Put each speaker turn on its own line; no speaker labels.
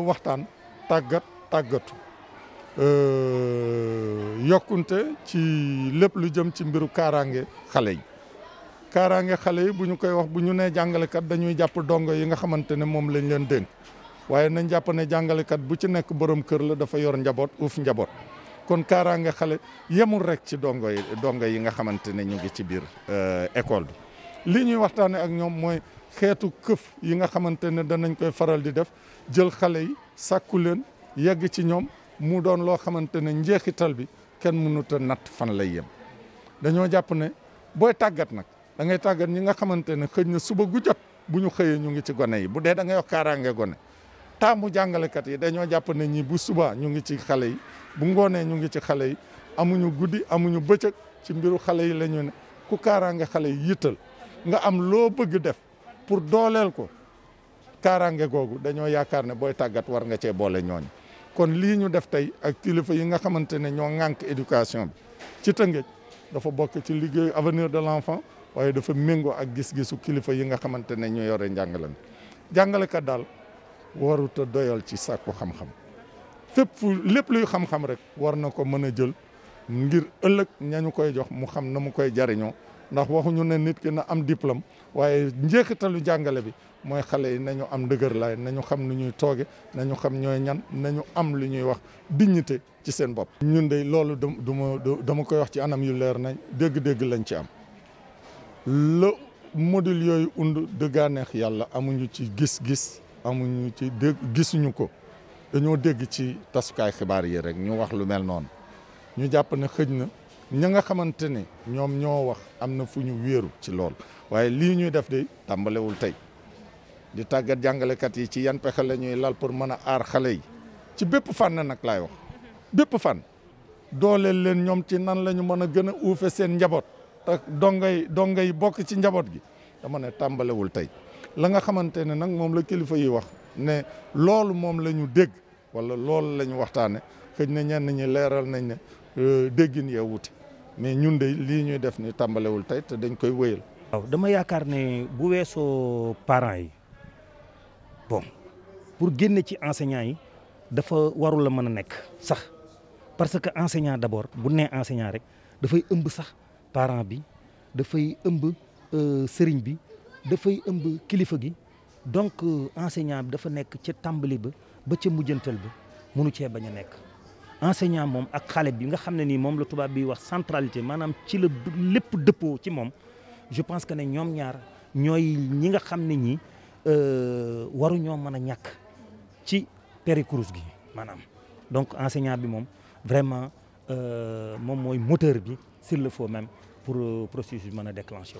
waxtaan tàggat tàggatu euh, yokkunte ci lépp lu jëm ci mbiru kaaraange xale yi kaaraange xale bu ñu koy wax bu ñu nee jàngalekat dañuy jàpp dongo yi nga xamante ne moom lañ leen dénk waaye nañ jàpp ne jàngalekat bu ci nekk borom kër la dafa yor njaboot uuf njaboot kon kaaraange xale yemul rek ci dongo yi dongo yi nga xamante ne ñu ngi ci biir euh, école bi li ñuy waxtaanee ak ñoom mooy xeetu këf yi nga xamante ne danañ koy faral di def jël xale yi sàkku leen yegg ci ñoom mu doon loo xamante ne njeexital bi kenn mënut a natt fan lay yem dañoo jàpp ne booy tàggat nag da tàggat ñi nga xamante ne xëj na suba gu jot bu ñu xëyee ñu ngi ci gone yi bu dee da ngay wax kaaraange gone taamu jàngalekat yi dañoo jàpp ne ñi bu subaa ñu ngi ci xale yi bu ngoonee ñu ngi ci xale yi amuñu guddi amuñu bëccëg ci mbiru xale yi la ne ku kaaraange xale yi yittal nga am loo bëgg def pour dooleel ko kaaraange googu dañoo yaakaar ne booy tàggat war nga cee boole ñooñ kon lii ñu def tey ak kilifa yi nga xamante ne ñoo ŋànk éducation bi ci Tëngéej dafa bokk ci liggéeyu avenir de l'enfant waaye dafa méngoo ak gis-gisu kilifa yi nga xamante ne ñu yore njàngale mi jàngalekat daal warut a doyal ci sàkku xam-xam fépp fu lépp luy xam-xam rek war na ko mën a jël ngir ëllëg ñañu koy jox mu xam na mu koy jariñoo ndax waxuñu ne nit ki na am diplôme waaye njeexitalu jàngale bi mooy xale yi nañu am dëgër laay nañu xam nu ñuy tooge nañu xam ñooy ñan nañu am lu ñuy wax diñte ci seen bopp. ñun de loolu dama dama koy wax ci anam yu leer nañ dégg-dégg lañ ci am le module yooyu und dëggaaneex yàlla amuñu ci gis-gis amuñu ci dégg gisuñu ko dañoo dégg ci tasukaay xibaar yi rek ñu wax lu mel noonu ñu jàpp ne xëj na. ña nga xamante ne ñoom ñoo wax am na fu ñu wéeru ci lool waaye lii ñuy def de tàmbalewul tey di tàggat jàngalekat yi ci yan pexe la ñuy lal pour mën a aar xale yi ci bépp fànn nag lay wax bépp fan dooleel leen ñoom ci nan la ñu mën a gën a uufe seen njaboot te dongay dongay bokk ci njaboot gi dama ne tàmbalewul tey la nga xamante ne nag moom la kilifa yi wax ne loolu moom la ñu dégg wala loolu lañu ñu waxtaane xëj na ñenn ñi leeral nañ ne euh, déggin yee wuute mais ñun de
lii ñuy def ni tàmbalewul tey te dañ koy wéyal. waaw dama yaakaar ne bu weesoo parents yi bon pour génne ci enseignants yi dafa warul la mën a nekk sax parce que enseignant d'abord bu nee enseignant rek dafay ëmb sax parent bi dafay ëmb euh, sëriñ bi dafay ëmb kilifa gi donc euh, enseignant bi dafa nekk ca tàmbali ba ba ca mujjanteel ba mënu cee bañ a nekk. enseignant mom ak xalé bi nga xamné ni mom la tubab bi wax centralité manam ci le lepp depo ci mom je pense que né ñom ñaar ñoy ñi nga xamné ne euh waru ñom mëna ñak ci pérécourse gi manam donc enseignant bi mom vraiment euh mom moy moteur bi s'il le faut même pour euh, processus mën a déclenché